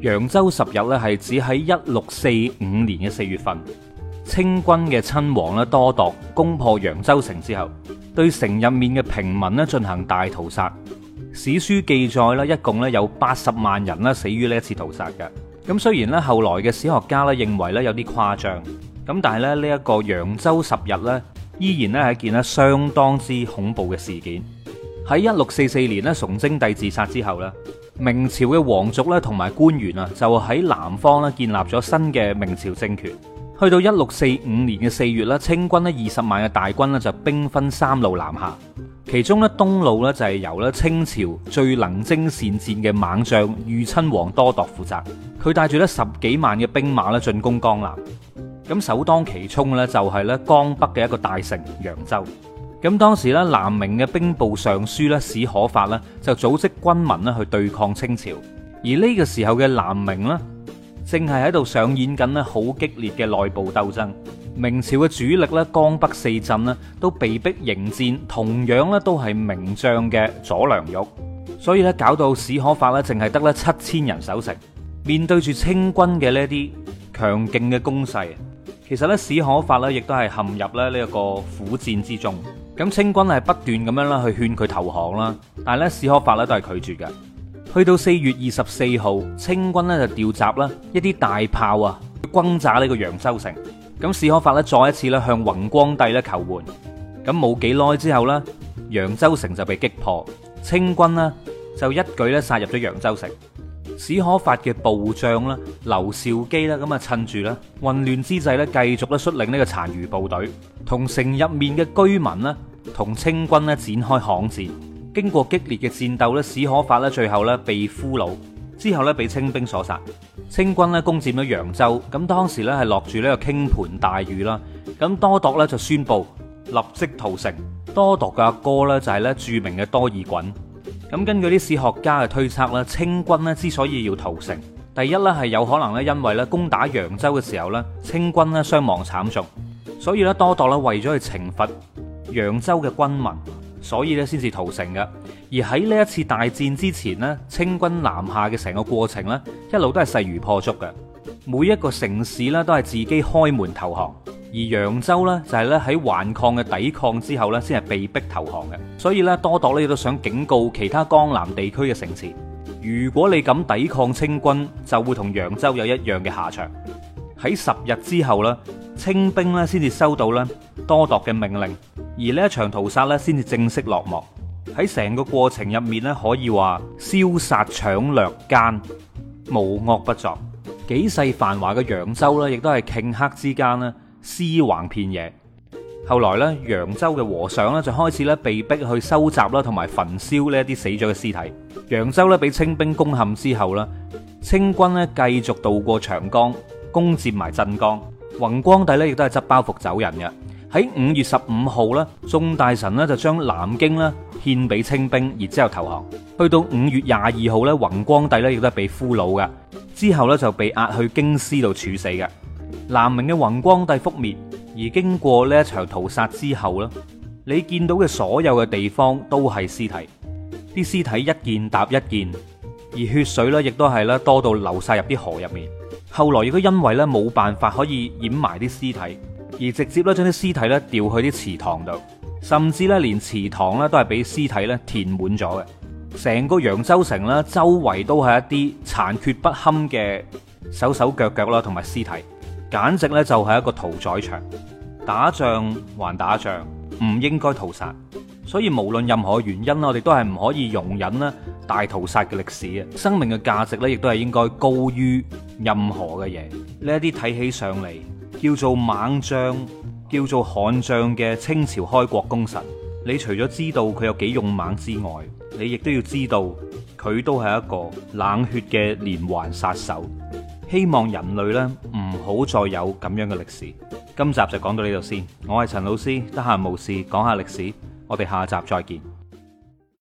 揚州十日咧係指喺一六四五年嘅四月份，清軍嘅親王咧多鐸攻破揚州城之後，對城入面嘅平民咧進行大屠殺。史書記載啦，一共咧有八十萬人咧死於呢一次屠殺嘅。咁雖然咧後來嘅史學家咧認為咧有啲誇張，咁但係咧呢一個揚州十日咧依然咧係一件咧相當之恐怖嘅事件。喺一六四四年咧崇禎帝自殺之後咧。明朝嘅皇族咧同埋官員啊，就喺南方咧建立咗新嘅明朝政權。去到一六四五年嘅四月咧，清軍咧二十萬嘅大軍咧就兵分三路南下，其中咧東路咧就係由咧清朝最能征善戰嘅猛將豫親王多鐸負責，佢帶住咧十幾萬嘅兵馬咧進攻江南。咁首當其衝咧就係咧江北嘅一個大城揚州。咁當時咧，南明嘅兵部尚書咧史可法咧就組織軍民咧去對抗清朝。而呢個時候嘅南明咧，正係喺度上演緊咧好激烈嘅內部鬥爭。明朝嘅主力咧江北四鎮咧都被逼迎戰，同樣咧都係名將嘅左良玉，所以咧搞到史可法咧，淨係得咧七千人守城，面對住清軍嘅呢啲強勁嘅攻勢，其實咧史可法咧亦都係陷入咧呢一個苦戰之中。咁清軍係不斷咁樣啦，去勸佢投降啦，但係咧史可法咧都係拒絕嘅。去到四月二十四號，清軍呢就調集啦一啲大炮啊，去轟炸呢個揚州城。咁史可法呢再一次咧向弘光帝咧求援。咁冇幾耐之後呢，揚州城就被擊破，清軍呢就一舉咧殺入咗揚州城。史可法嘅部將啦，劉兆基啦，咁啊趁住啦混亂之際咧，繼續咧率領呢個殘餘部隊，同城入面嘅居民咧，同清軍咧展開巷戰。經過激烈嘅戰鬥咧，史可法咧最後咧被俘虜，之後咧被清兵所殺。清軍咧攻佔咗揚州。咁當時咧係落住呢個傾盆大雨啦。咁多鐸咧就宣布立即屠城。多鐸嘅阿哥咧就係咧著名嘅多爾袞。咁根據啲史學家嘅推測啦，清軍咧之所以要屠城，第一咧係有可能咧，因為咧攻打揚州嘅時候咧，清軍咧傷亡慘重，所以咧多鐸咧為咗去懲罰揚州嘅軍民，所以咧先至屠城嘅。而喺呢一次大戰之前咧，清軍南下嘅成個過程咧，一路都係勢如破竹嘅，每一個城市咧都係自己開門投降。而揚州呢，就係咧喺頑抗嘅抵抗之後呢先係被逼投降嘅。所以咧，多鐸呢都想警告其他江南地區嘅城池，如果你敢抵抗清軍，就會同揚州有一樣嘅下場。喺十日之後呢，清兵呢先至收到呢多鐸嘅命令，而呢一場屠殺呢先至正式落幕。喺成個過程入面呢，可以話燒殺搶掠、掠姦，無惡不作。幾世繁華嘅揚州呢，亦都係頃刻之間咧。屍橫遍野，後來咧揚州嘅和尚咧就開始咧被逼去收集啦，同埋焚燒呢一啲死咗嘅屍體。揚州咧俾清兵攻陷之後呢，清軍呢，繼續渡過長江，攻佔埋鎮江。弘光帝咧亦都係執包袱走人嘅。喺五月十五號呢，眾大臣呢，就將南京呢獻俾清兵，然之後投降。去到五月廿二號咧，弘光帝咧亦都係被俘虜嘅，之後咧就被押去京師度處死嘅。南明嘅弘光帝覆滅，而經過呢一場屠殺之後呢，你見到嘅所有嘅地方都係屍體，啲屍體一件搭一件，而血水咧亦都係咧多到流晒入啲河入面。後來亦都因為呢冇辦法可以掩埋啲屍體，而直接咧將啲屍體咧掉去啲祠堂度，甚至咧連祠堂咧都係俾屍體咧填滿咗嘅。成個揚州城啦，周圍都係一啲殘缺不堪嘅手手腳腳啦，同埋屍體。簡直咧就係一個屠宰場，打仗還打仗，唔應該屠殺。所以無論任何原因，我哋都係唔可以容忍咧大屠殺嘅歷史啊！生命嘅價值咧，亦都係應該高於任何嘅嘢。呢一啲睇起上嚟叫做猛將、叫做悍將嘅清朝開國功臣，你除咗知道佢有幾勇猛之外，你亦都要知道佢都係一個冷血嘅連環殺手。希望人類呢。唔好再有咁樣嘅歷史。今集就講到呢度先。我係陳老師，得閒無事講下歷史。我哋下集再見。